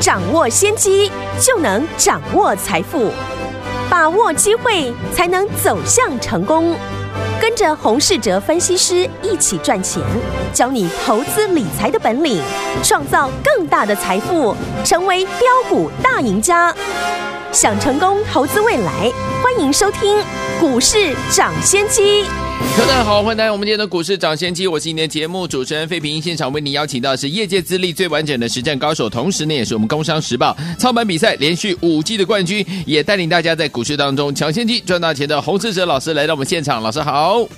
掌握先機就能掌握財富，把握機會才能走向成功。跟着洪士哲分析師一起賺錢，教你投資理財的本領，創造更大的財富，成為飆股大贏家。想成功投資未來，歡迎收聽《股市漲先機》。大家好，歡迎來到我們今天的《股市漲先機》，我是今天節目主持人費平，現場為您邀請到是業界資歷最完整的實戰高手，同時呢，也是我們《工商時報》操盤比賽連續五季的冠軍，也帶領大家在股市當中搶先機賺大錢的洪士哲老師來到我們現場。老師好。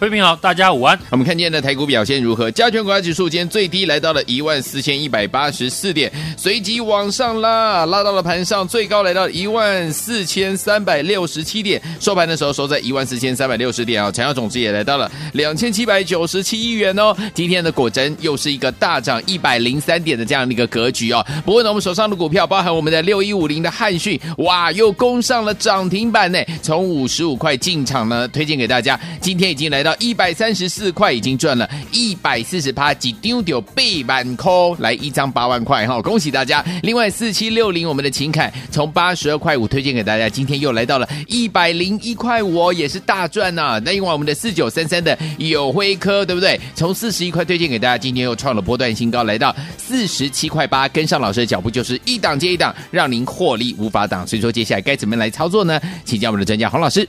各位朋友，大家午安。我們看見的台股表現如何？加權股價指數今天最低來到了一萬四千一百八十四點，隨即往上拉，拉到了盤上最高來到一萬四千三百六十七點，收盤的時候收在一萬四千三百六十點啊。成交總值也來到了兩千七百九十七億元哦。今天的果真又是一個大漲一百零三點的這樣的一個格局啊、哦。不過呢，我們手上的股票包含我們的六一五零的撼訊，哇，又攻上了漲停板呢。從五十五塊進場呢，推薦給大家。今天已經來到。一百三十四塊，已經賺了一百四十八幾丟丟背板扣，來一張八萬塊哈、哦，恭喜大家！另外四七六零，我們的勤凱，從八十二塊五推薦給大家，今天又來到了一百零一塊五，也是大賺吶、啊！那另外我們的四九三三的友輝科，對不對？從四十一塊推薦給大家，今天又創了波段新高，來到四十七塊八，跟上老師的腳步就是一檔接一檔，讓您獲利無法擋。所以說，接下來該怎麼來操作呢？請教我們的專家洪老師。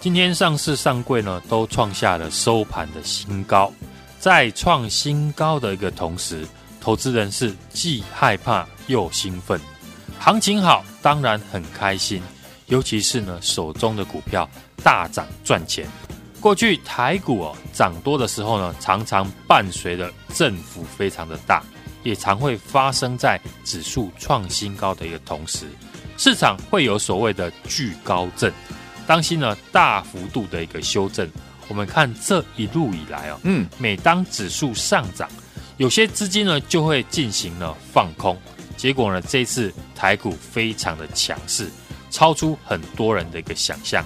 今天上市上櫃呢，都創下了收盤的新高，在創新高的一個同時，投資人是既害怕又興奮，行情好當然很開心，尤其是呢，手中的股票大漲賺錢。過去台股哦漲多的時候呢，常常伴隨着振幅非常的大，也常會發生在指數創新高的一個同時，市場會有所謂的巨高震，擔心呢，大幅度的一個修正。我們看這一路以來啊、哦，嗯，每當指數上漲，有些資金呢就會進行了放空，結果呢，這次台股非常的強勢，超出很多人的一個想象。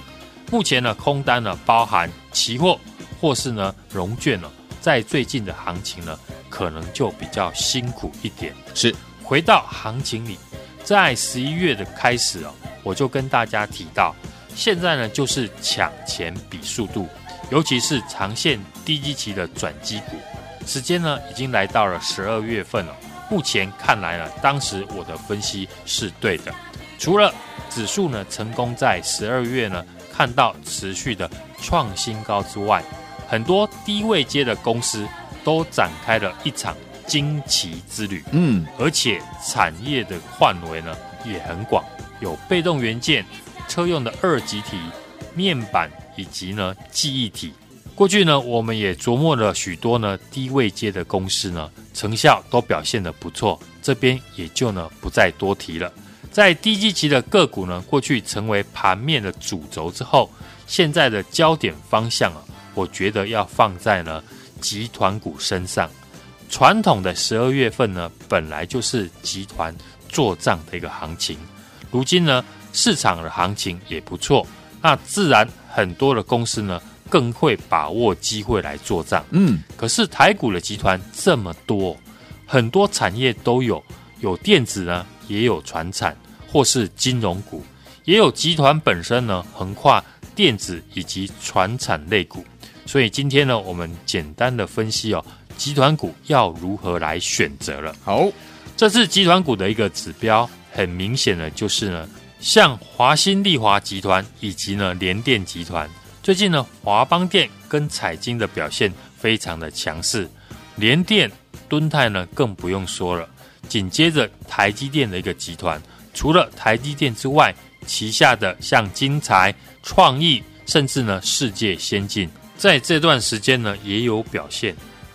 目前呢，空單呢包含期貨或是呢融券呢，在最近的行情呢，可能就比較辛苦一點。是，回到行情裡，在十一月的開始啊、哦，我就跟大家提到。現在呢，就是搶錢比速度，尤其是長線低基期的轉機股。時間呢，已經來到了十二月份了。目前看來呢，當時我的分析是對的。除了指數呢成功在十二月呢看到持續的創新高之外，很多低位階的公司都展開了一場驚奇之旅。嗯，而且產業的範圍呢也很廣，有被動元件。車用的二極體面板以及呢記憶體，過去呢我們也琢磨了許多呢低位階的公司，呢，成效都表現得不錯，這邊也就呢不再多提了。在低基期的個股呢過去成為盤面的主軸之後，現在的焦點方向啊，我覺得要放在呢集團股身上。傳統的十二月份呢本來就是集團做賬的一個行情。如今呢，市場的行情也不錯，那自然很多的公司呢，更會把握機會來作帳。嗯，可是台股的集團這麼多，很多產業都有，有電子呢，也有傳產，或是金融股，也有集團本身呢，橫跨電子以及傳產類股。所以今天呢，我們簡單的分析哦，集團股要如何來選擇了。好，這是集團股的一個指標。很明顯的就是呢，像華新麗華集團以及呢聯電集團，最近呢華邦電跟彩晶的表現非常的強勢，聯電、敦泰呢更不用說了。緊接着台積電的一個集團，除了台積電之外，旗下的像精材、創意，甚至呢世界先進，在這段時間呢也有表現。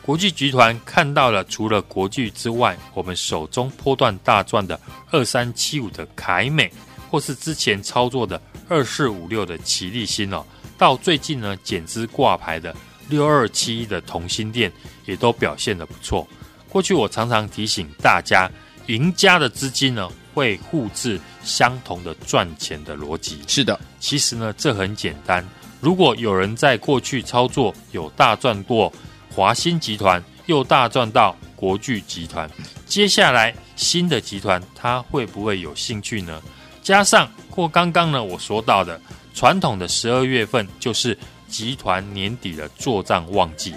國際集團看到了，除了國際之外，我們手中波段大賺的二三七五的凱美，或是之前操作的二四五六的奇力新哦，到最近呢減資掛牌的六二七一的同欣電，也都表現得不錯。過去我常常提醒大家，贏家的資金呢會複製相同的賺錢的邏輯。是的，其實呢這很簡單，如果有人在過去操作有大賺過。華新集團又大賺到國巨集團，接下來新的集團他會不會有興趣呢？加上過剛剛呢，我說到的傳統的十二月份，就是集團年底的做賬旺季，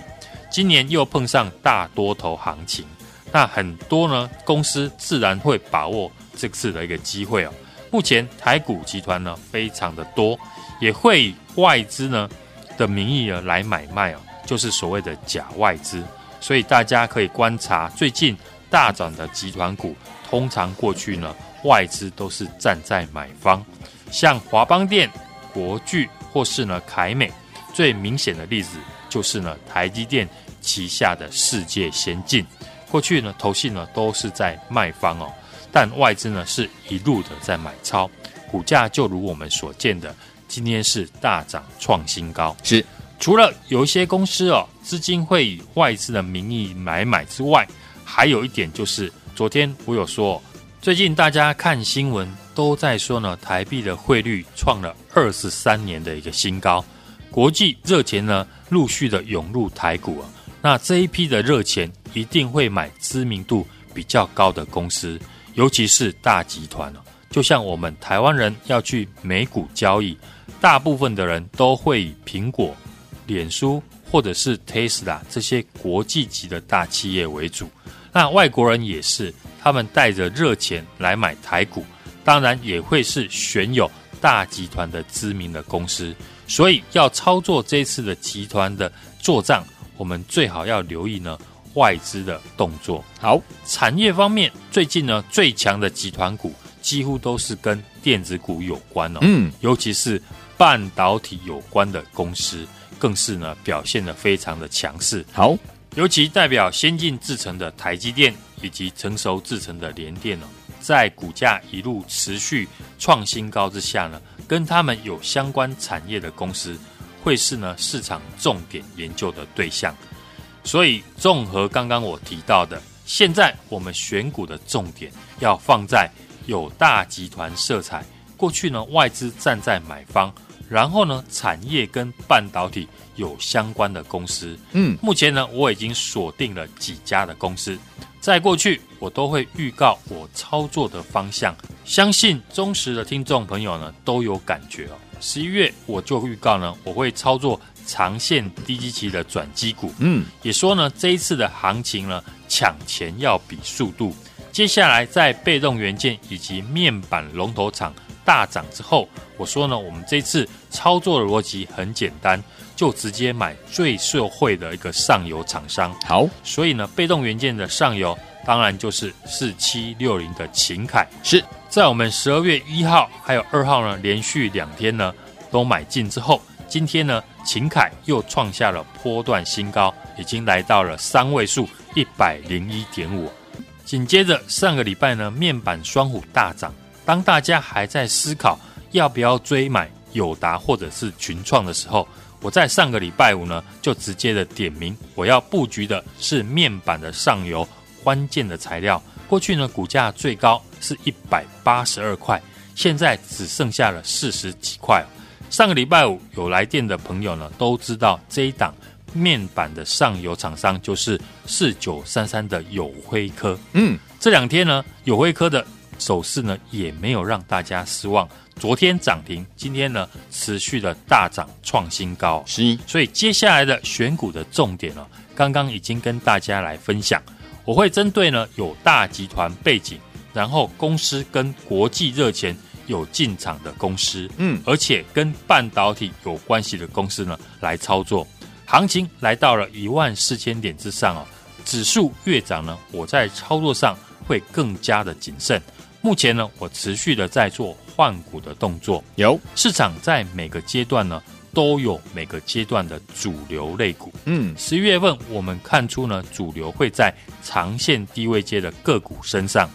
今年又碰上大多頭行情，那很多呢公司自然會把握這次的一個機會哦。目前台股集團呢非常的多，也會以外資呢的名義呢來買賣哦。就是所謂的假外資，所以大家可以觀察最近大漲的集團股，通常過去呢外資都是站在買方，像華邦電、國巨或是呢凱美，最明顯的例子就是呢台積電旗下的世界先進，過去呢投信呢都是在賣方哦，但外資呢是一路的在買超，股價就如我們所見的，今天是大漲創新高，是。除了有一些公司哦，資金會以外資的名義買買之外，還有一點就是，昨天我有說哦，最近大家看新聞都在說呢，台幣的匯率創了二十三年的一個新高，國際熱錢呢，陸續的湧入台股啊，那這一批的熱錢一定會買知名度比較高的公司，尤其是大集團哦，就像我們台灣人要去美股交易，大部分的人都會以蘋果。臉書或者是 Tesla 這些國際級的大企業為主，那外國人也是，他們帶着熱錢來買台股，當然也會是選有大集團的知名的公司，所以要操作這次的集團的做帳，我們最好要留意呢外資的動作。好，產業方面，最近呢最強的集團股幾乎都是跟電子股有關哦，嗯，尤其是半導體有關的公司。更是呢表現得非常的強勢。好，尤其代表先進製程的台積電以及成熟製程的聯電呢，在股價一路持續創新高之下呢，跟他們有相關產業的公司，會是呢市場重點研究的對象。所以，綜合剛剛我提到的，現在我們選股的重點要放在有大集團色彩，過去呢外資站在買方。然後呢，產業跟半導體有相關的公司，嗯，目前呢，我已經鎖定了幾家的公司。在過去我都會預告我操作的方向，相信忠實的聽眾朋友呢都有感覺哦。十一月我就預告呢，我會操作長線低基期的轉機股，嗯，也說呢這一次的行情呢搶錢要比速度，接下來在被動元件以及面板龍頭廠大漲之後，我說呢，我們這次操作的邏輯很簡單，就直接買最受惠的一個上游廠商。好，所以呢，被動元件的上游當然就是四七六零的勤凱。是在我們十二月一號還有二號呢，連續兩天呢都買進之後，今天呢勤凱又創下了波段新高，已經來到了三位數一百零一點五。緊接着上個禮拜呢，面板雙虎大漲。當大家還在思考要不要追買友達或者是群創的時候，我在上個禮拜五呢，就直接的點名，我要布局的是面板的上游關鍵的材料。過去呢，股價最高是一百八十二塊，現在只剩下了四十幾塊。上個禮拜五有來電的朋友呢，都知道這一檔面板的上游廠商就是四九三三的友輝科。嗯，這兩天呢，友輝科的。股市呢也沒有讓大家失望，昨天漲停，今天呢持續的大漲創新高。一是，所以接下來的選股的重點呢、哦，剛剛已經跟大家來分享，我會針對呢有大集團背景，然後公司跟國際熱錢有進場的公司，嗯，而且跟半導體有關係的公司呢來操作。行情來到了一萬四千點之上哦，指數越漲呢，我在操作上會更加的謹慎。目前呢，我持續的在做換股的動作。有。市場在每個階段呢，都有每個階段的主流類股。嗯，十一月份我們看出呢，主流會在長線低位階的個股身上。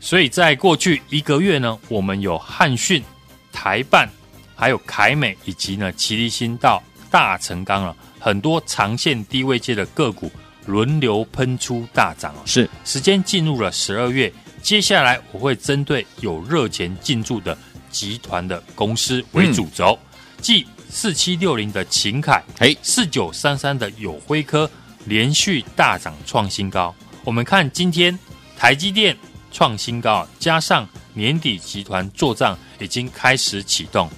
所以在過去一個月呢，我們有漢訊、台半、還有凱美以及呢奇力新到大成鋼了，很多長線低位階的個股輪流噴出大漲了。是，時間進入了十二月。接下來我會針對有熱錢進駐的集團的公司為主軸，嗯、即四七六零的勤凱。誒，四九三三的友輝科連續大漲創新高。我們看今天台積電創新高，加上年底集團做賬已經開始啟動，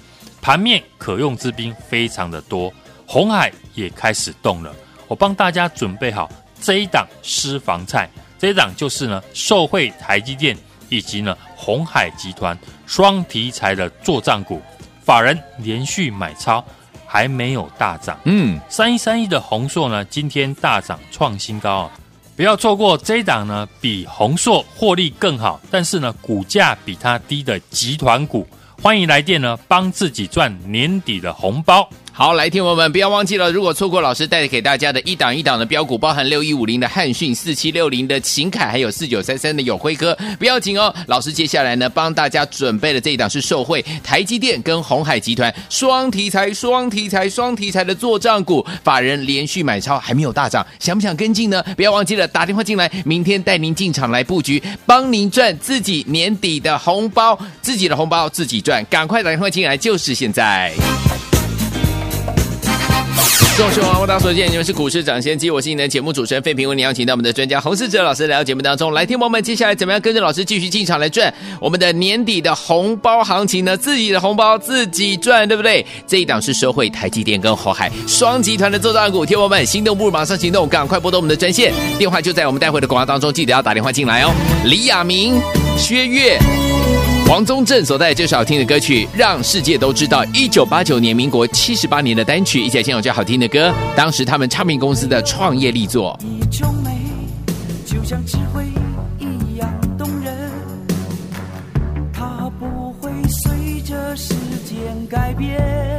盤面可用之兵非常的多，紅海也開始動了。我幫大家準備好這一檔私房菜。這檔就是呢，受惠台積電以及呢鴻海集團雙題材的作帳股，法人連續買超，還沒有大漲。嗯，三一三一的鴻碩呢，今天大漲創新高啊、哦！不要錯過這檔呢，比鴻碩獲利更好，但是呢股價比它低的集團股，歡迎來電呢，幫自己賺年底的紅包。好，來聽我們，不要忘記了，如果錯過老師帶給大家的一檔一檔的標股，包含六一五零的漢訊、四七六零的秦凱，還有四九三三的友輝哥，不要緊哦。老師接下來呢，幫大家準備的這一檔是受惠台積電跟鴻海集團雙題材、雙題材、雙題材的做帳股，法人連續買超還沒有大漲，想不想跟進呢？不要忘記了打電話進來，明天帶您進場來布局，幫您賺自己年底的紅包，自己的紅包自己賺，趕快打電話進來，就是現在。各位王，眾大家所見！你們是股市漲先機，我是你們節目主持人費平，為你邀請到我們的專家洪士哲老師來到節目當中。來，聽友們，接下來怎麼樣跟着老師繼續進場來賺我們的年底的紅包行情呢？自己的紅包自己賺，對不對？這一檔是受惠台積電跟鴻海雙集團的作帳股，聽友們心動不如馬上行動，趕快撥通我們的專線電話，就在我們待會的廣告當中，記得要打電話進來哦。李亞明、薛月。黃宗正所帶這首好聽的歌曲，讓世界都知道，一九八九年民國七十八年的單曲，以前先有這好聽的歌，當時他們唱片公司的創業力作，一種美就像智慧一樣動人，他不會隨着時間改變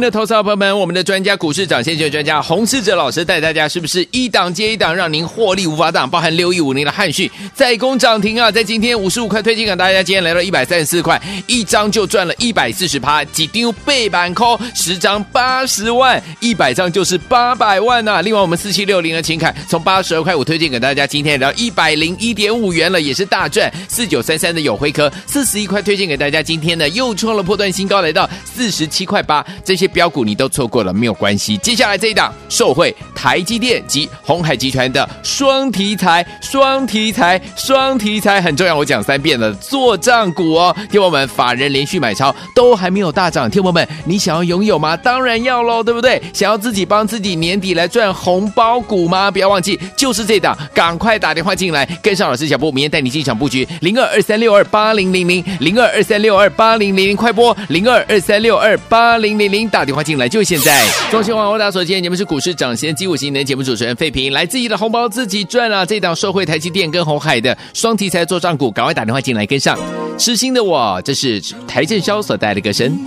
的投資朋友們，我們的專家股市漲先機專家洪士哲老師帶大家是不是一檔接一檔讓您獲利無法擋？包含六一五零的撼訊，再攻漲停啊！在今天五十五塊推薦給大家，今天來到一百三十四塊，一張就賺了140一百四十趴，幾丟背板空十張八十萬，一百張就是八百萬吶、啊！另外我們四七六零的勤凱從八十二塊五推薦給大家，今天來到一百零一點五元了，也是大賺四九三三的友輝科四十一塊推薦給大家，今天呢又創了波段新高來到四十七塊八，這些。標股你都錯過了，沒有關係。接下來這一檔受惠台積電及鴻海集團的雙題材、雙題材、雙題材，雙題材很重要，我講三遍了。作帳股哦，聽友們，法人連續買超都還沒有大漲，聽友們，你想要擁有嗎？當然要嘍，對不對？想要自己幫自己年底來賺紅包股嗎？不要忘記，就是這檔，趕快打電話進來，跟上老師腳步，明天帶你進場布局零二二三六二八零零零零二二三六二八零零，快播零二二三六二八零零零打，打電話進來就現在！中興網我打所見，你們是股市漲先機五星能節目主持人費平，來自己的紅包自己賺了、啊、這檔受惠台積電跟鴻海的雙題材做漲股，趕快打電話進來跟上！痴心的我，這是邰正宵所帶的歌聲。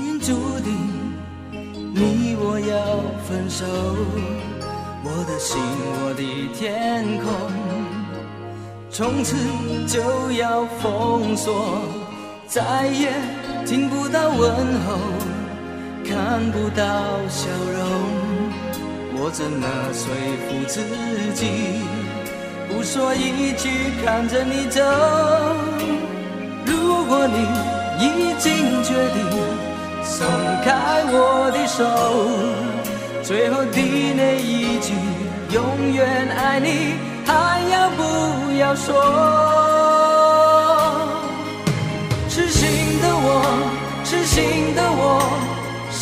看不到笑容，我怎麼說服自己不說一句看着你走？如果你已經決定鬆開我的手，最後的那一句永遠愛你還要不要說？痴心的我，痴心的我。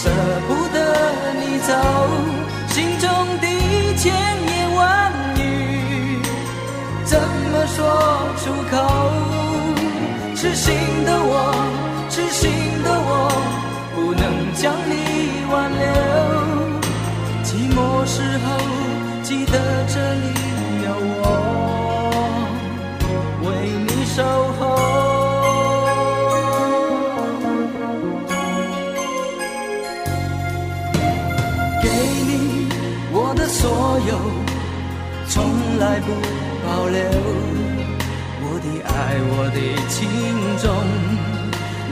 捨不得你走，心中的千言萬語怎麼說出口？痴心的我，痴心的我，不能將你挽留。寂寞時候，記得這裡。給你我的所有，從來不保留。我的愛，我的情衷，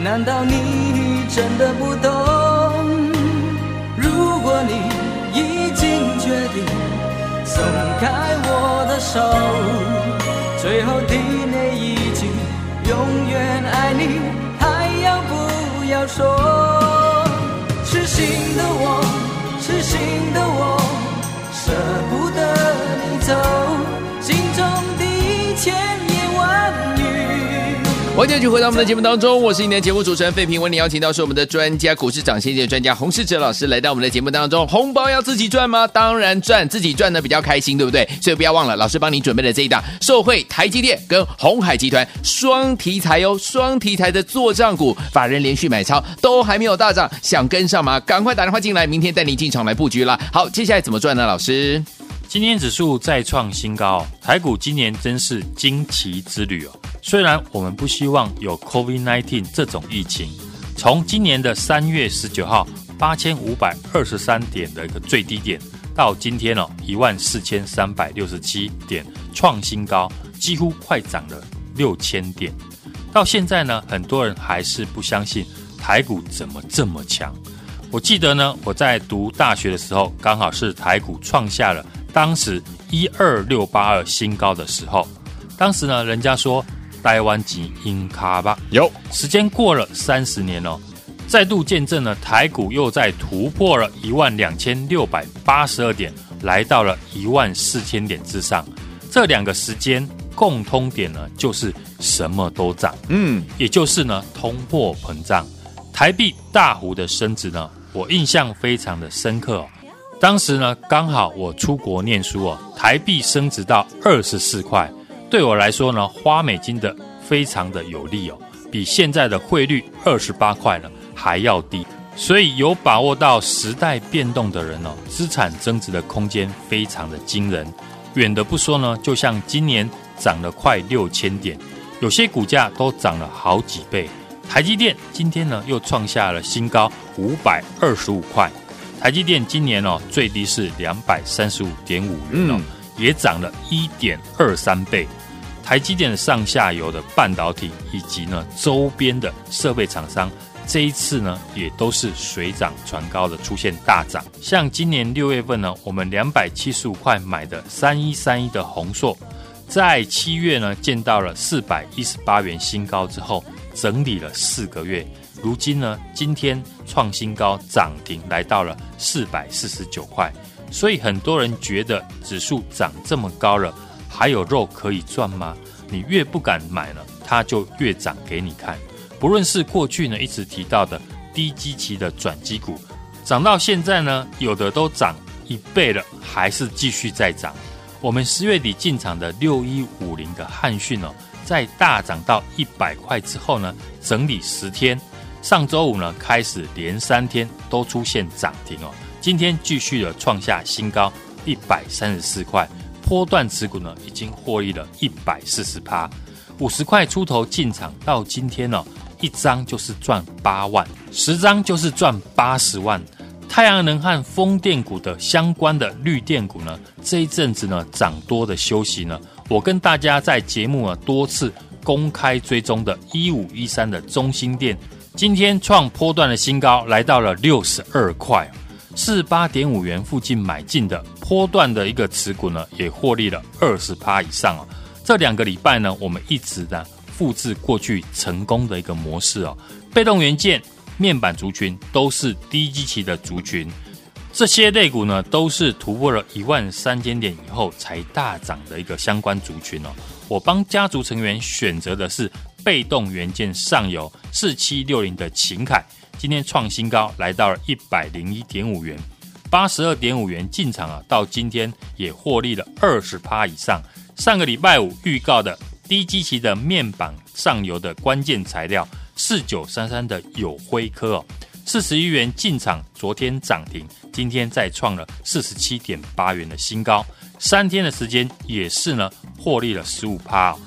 難道你真的不懂？如果你已經決定鬆開我的手，最後的那一句“永遠愛你”還要不要說？癡心的我。癡心的我，捨不得你走，心中的牽歡迎續回到我們的節目當中，我是你的節目主持人費平，為你邀請到是我們的專家股市長線的專家洪世哲老師來到我們的節目當中。紅包要自己賺嗎？當然賺，自己賺的比較開心，對不對？所以不要忘了，老師幫你準備了這一檔，受惠台積電跟紅海集團雙題材哦，雙題材的作戰股，法人連續買超都還沒有大漲，想跟上嗎？趕快打電話進來，明天帶你進場來布局了。好，接下來怎麼賺呢？老師？今天指數再創新高哦，台股今年真是驚奇之旅哦。雖然我們不希望有 COVID-19 這種疫情，從今年的三月十九號八千五百二十三點的一個最低點，到今天哦一萬四千三百六十七點創新高，幾乎快漲了六千點。到現在呢，很多人還是不相信台股怎麼這麼強。我記得呢，我在讀大學的時候，剛好是台股創下了。當時一二六八二新高的時候，當時呢，人家說台灣及英卡吧，有時間過了三十年哦，再度見證了台股又再突破了一萬兩千六百八十二點，來到了一萬四千點之上。這兩個時間共通點呢，就是什麼都漲，嗯，也就是呢，通貨膨脹，台幣大幅的升值呢，我印象非常的深刻哦。當時呢，剛好我出國念書哦，台幣升值到二十四塊，對我來說呢，花美金的非常的有利哦，比現在的匯率二十八塊呢還要低。所以有把握到時代變動的人哦，資產增值的空間非常的驚人。遠的不說呢，就像今年漲了快六千點，有些股價都漲了好幾倍。台積電今天呢又創下了新高，五百二十五塊。台積電今年哦最低是兩百三十五點五元哦，嗯、也漲了一點二三倍。台積電的上下游的半導體以及呢周邊的設備廠商，這一次呢也都是水漲船高的出現大漲。像今年六月份呢，我們兩百七十五塊買的三一三一的弘塑，在七月呢見到了四百一十八元新高之後，整理了四個月，如今呢今天，創新高，漲停來到了四百四十九塊。所以很多人覺得指數漲這麼高了，還有肉可以賺嗎？你越不敢買了，它就越漲給你看。不論是過去呢一直提到的低基期的轉機股，漲到現在呢，有的都漲一倍了，還是繼續在漲。我們十月底進場的六一五零的漢訊哦，在大漲到一百塊之後呢，整理十天。上周五呢，開始連三天都出現漲停哦。今天繼續的創下新高，一百三十四塊，波段持股呢已經獲利了一百四十趴，五十塊出頭進場到今天呢、哦，一張就是賺八萬，十張就是賺八十萬。太陽能和風電股的相關的綠電股呢，這一陣子呢漲多的休息呢，我跟大家在節目啊多次公開追蹤的一五一三的中興電。今天創波段的新高，來到了六十二塊四十八點五元附近買進的波段的一個持股呢，也獲利了二十趴以上哦。這兩個禮拜呢，我們一直呢複製過去成功的一個模式哦，被動元件面板、族群都是低基期的族群，這些類股呢都是突破了一萬三千點以後才大漲的一個相關族群哦。我幫家族成員選擇的是。被動元件上游四七六零的秦凱，今天創新高，來到了一百零一點五元，八十二點五元進場啊，到今天也獲利了二十趴以上。上個禮拜五預告的低基期的面板上游的關鍵材料四九三三的友輝科，哦，四十一元進場，昨天漲停，今天再創了四十七點八元的新高，三天的時間也是呢獲利了十五趴。哦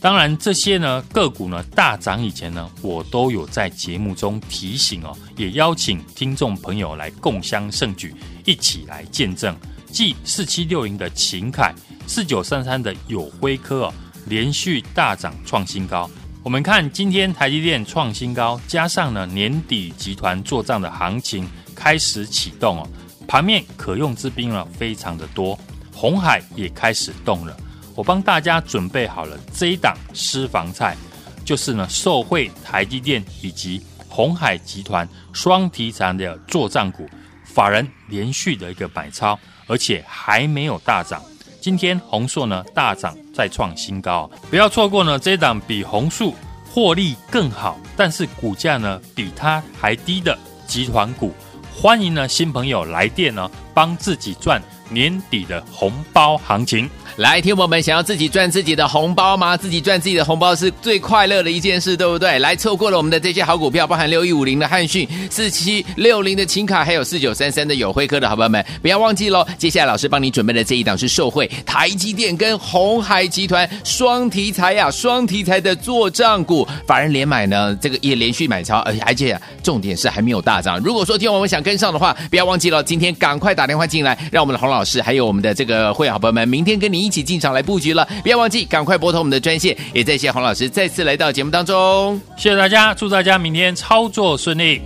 當然，這些呢個股呢大漲以前呢，我都有在節目中提醒哦，也邀請聽眾朋友來共襄盛舉，一起來見證。即四七六零的秦凱，四九三三的友輝科哦，連續大漲創新高。我們看今天台積電創新高，加上呢年底集團做賬的行情開始啟動哦，盤面可用之兵呢非常的多，紅海也開始動了。我幫大家準備好了這一檔私房菜，就是呢受惠台積電以及鴻海集團雙題材的作帳股，法人連續的一個買超，而且還沒有大漲。今天鴻碩呢大漲再創新高，不要錯過呢這一檔比鴻碩獲利更好，但是股價呢比它還低的集團股。歡迎呢新朋友來電呢幫自己賺年底的紅包行情。來，聽友們，想要自己賺自己的紅包嗎？自己賺自己的紅包是最快樂的一件事，對不對？來，錯過了我們的這些好股票，包含六一五零的漢訊、四七六零的秦卡，還有四九三三的友輝科的好朋友們，不要忘記咯。接下來老師幫你準備的這一檔是受惠台積電跟鴻海集團雙題材啊，雙題材的做賬股，法人連買呢，這個也連續買超，而、哎、且而且重點是還沒有大漲。如果說聽友們想跟上的話，不要忘記了，今天趕快打電話進來，讓我們的洪老師還有我們的這個會好朋友們，明天跟你。一起進場來布局了，不要忘記趕快撥通我們的專線。也再謝洪老師再次來到節目當中，謝謝大家，祝大家明天操作順利。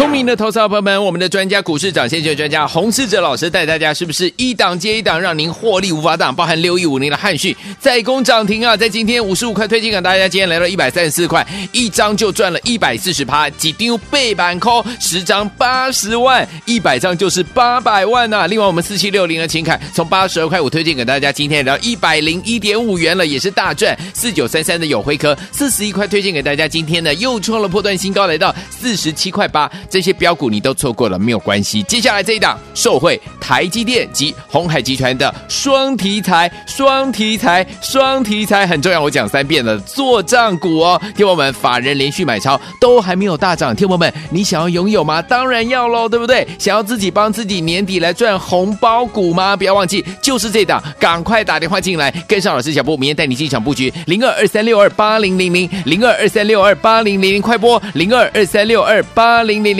聰明的投資者朋友們，我們的專家股市漲先機專家洪士哲老師帶大家是不是一檔接一檔讓您獲利無法擋？包含六一五零的撼訊再攻漲停啊，在今天五十五塊推薦給大家，今天來到一百三十四塊，一張就賺了140一百四十趴，幾丟背板空十張八十萬，一百張就是八百萬啊。另外我們四七六零的勤凱從八十二塊五推薦給大家，今天來到一百零一點五元了，也是大賺。四九三三的友輝科四十一塊推薦給大家，今天呢又創了波段新高，來到四十七塊八。這些標股你都錯過了，沒有關係。接下來這一檔，受惠台積電及鴻海集團的雙題材，雙題材，雙題材很重要，我講三遍了。作帳股哦，聽友們，法人連續買超都還沒有大漲，聽友們，你想要擁有嗎？當然要嘍，對不對？想要自己幫自己年底來賺紅包股嗎？不要忘記，就是這檔，趕快打電話進來，跟上老師腳步，明天帶你進場布局零二二三六二八零零零零二二三六二八零零零，000, 000, 快播，零二二三六二八零零零。